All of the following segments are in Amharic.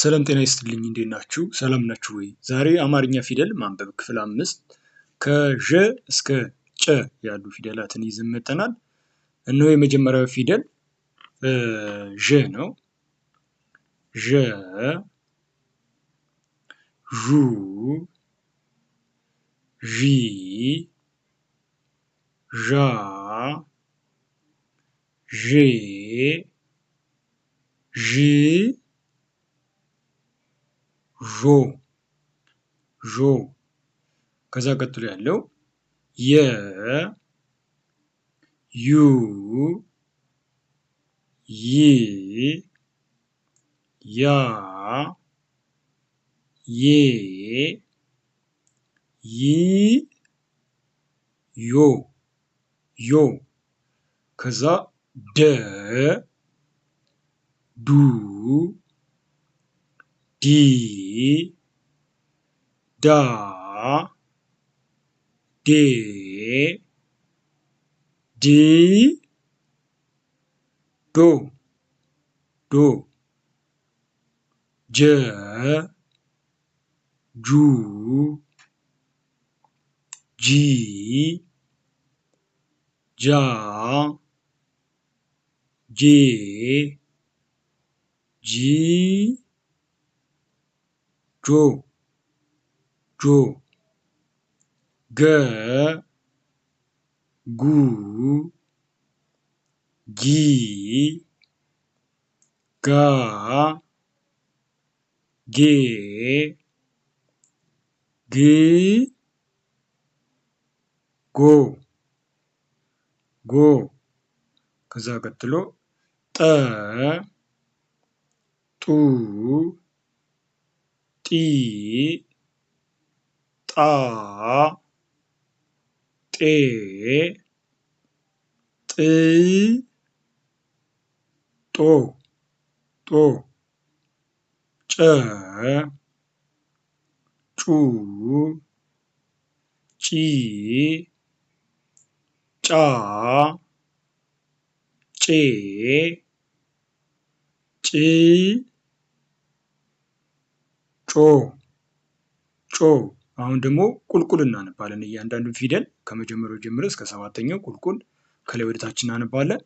ሰላም ጤና ይስጥልኝ እንዴት ናችሁ? ሰላም ናችሁ ወይ? ዛሬ አማርኛ ፊደል ማንበብ ክፍል አምስት ከዠ እስከ ጨ ያሉ ፊደላትን ይዘን መጥተናል። እነሆ የመጀመሪያው ፊደል ዠ ነው። ዠ ዡ ዢ ዣ ዤ ዢ ዦ ዦ ከዛ ቀጥሎ ያለው የ ዩ ይ ያ ዬ ይ ዮ ዮ ከዛ ደ ዱ ዲ ዳ ዴ ዲ ዶ ዶ ጀ ጁ ጂ ጃ ጄ ጂ ጆ ጆ ገ ጉ ጊ ጋ ጌ ግ ጎ ጎ ከዛ ቀጥሎ ጠ ጡ ጢ ጣ ጤ ጥ ጦ ጦ ጨ ጩ ጪ ጫ ጬ ጭ ጮ ጮ አሁን ደግሞ ቁልቁል እናነባለን። እያንዳንዱ ፊደል ከመጀመሪያው ጀምረ እስከ ሰባተኛው ቁልቁል ከላይ ወደታች እናነባለን።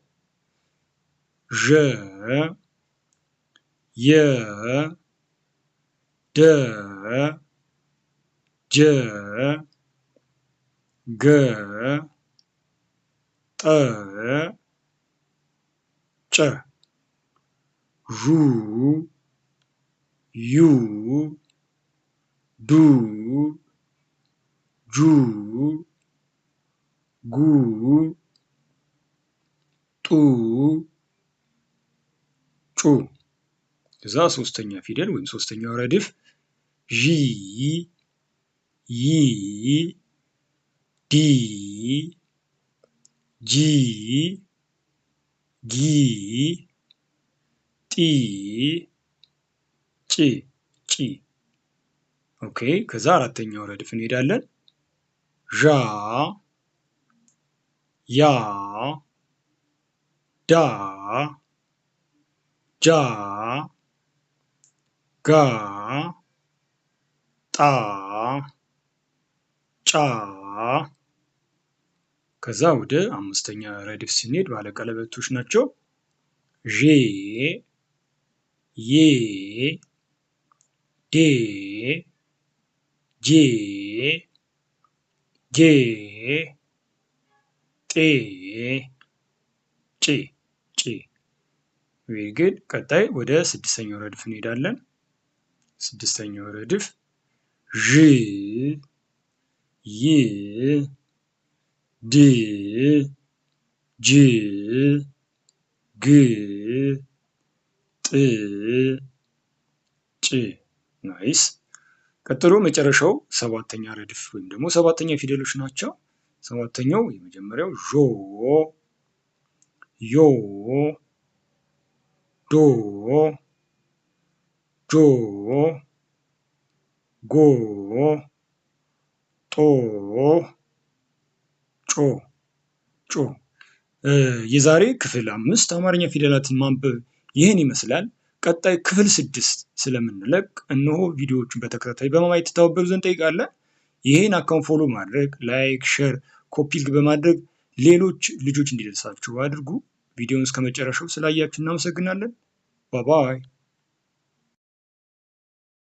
ዠ የ ደ ጀ ገ ጠ ጨ ዡ ዩ ዱ ጁ ጉ ጡ ጩ እዛ ሶስተኛ ፊደል ወይም ሶስተኛው ረድፍ ዢ ይ ዲ ጂ ጊ ጢ ጭ ጭ ኦኬ። ከዛ አራተኛው ረድፍ እንሄዳለን። ዣ ያ ዳ ጃ ጋ ጣ ጫ ከዛ ወደ አምስተኛ ረድፍ ስንሄድ ባለቀለበቶች ናቸው። ዤ ዬ ዴ ጄ ጌ ጤ ጬ ጬ ግን ቀጣይ ወደ ስድስተኛው ረድፍ እንሄዳለን። ስድስተኛው ረድፍ ዥ ይ ድ ጅ ግ ጥ ጭ ናይስ። ቀጥሎ መጨረሻው ሰባተኛ ረድፍ ወይም ደግሞ ሰባተኛ ፊደሎች ናቸው። ሰባተኛው የመጀመሪያው ዦ፣ ዮ፣ ዶ፣ ጆ፣ ጎ፣ ጦ፣ ጮ፣ ጮ። የዛሬ ክፍል አምስት አማርኛ ፊደላትን ማንበብ ይህን ይመስላል። ቀጣይ ክፍል ስድስት ስለምንለቅ እነሆ ቪዲዮዎቹን በተከታታይ በማየት ተተባበሩ ዘንድ ጠይቃለን። ይህን አካውንት ፎሎ ማድረግ፣ ላይክ፣ ሸር ኮፒልግ በማድረግ ሌሎች ልጆች እንዲደርሳችሁ አድርጉ። ቪዲዮውን እስከመጨረሻው ስላያችሁ እናመሰግናለን። ባባይ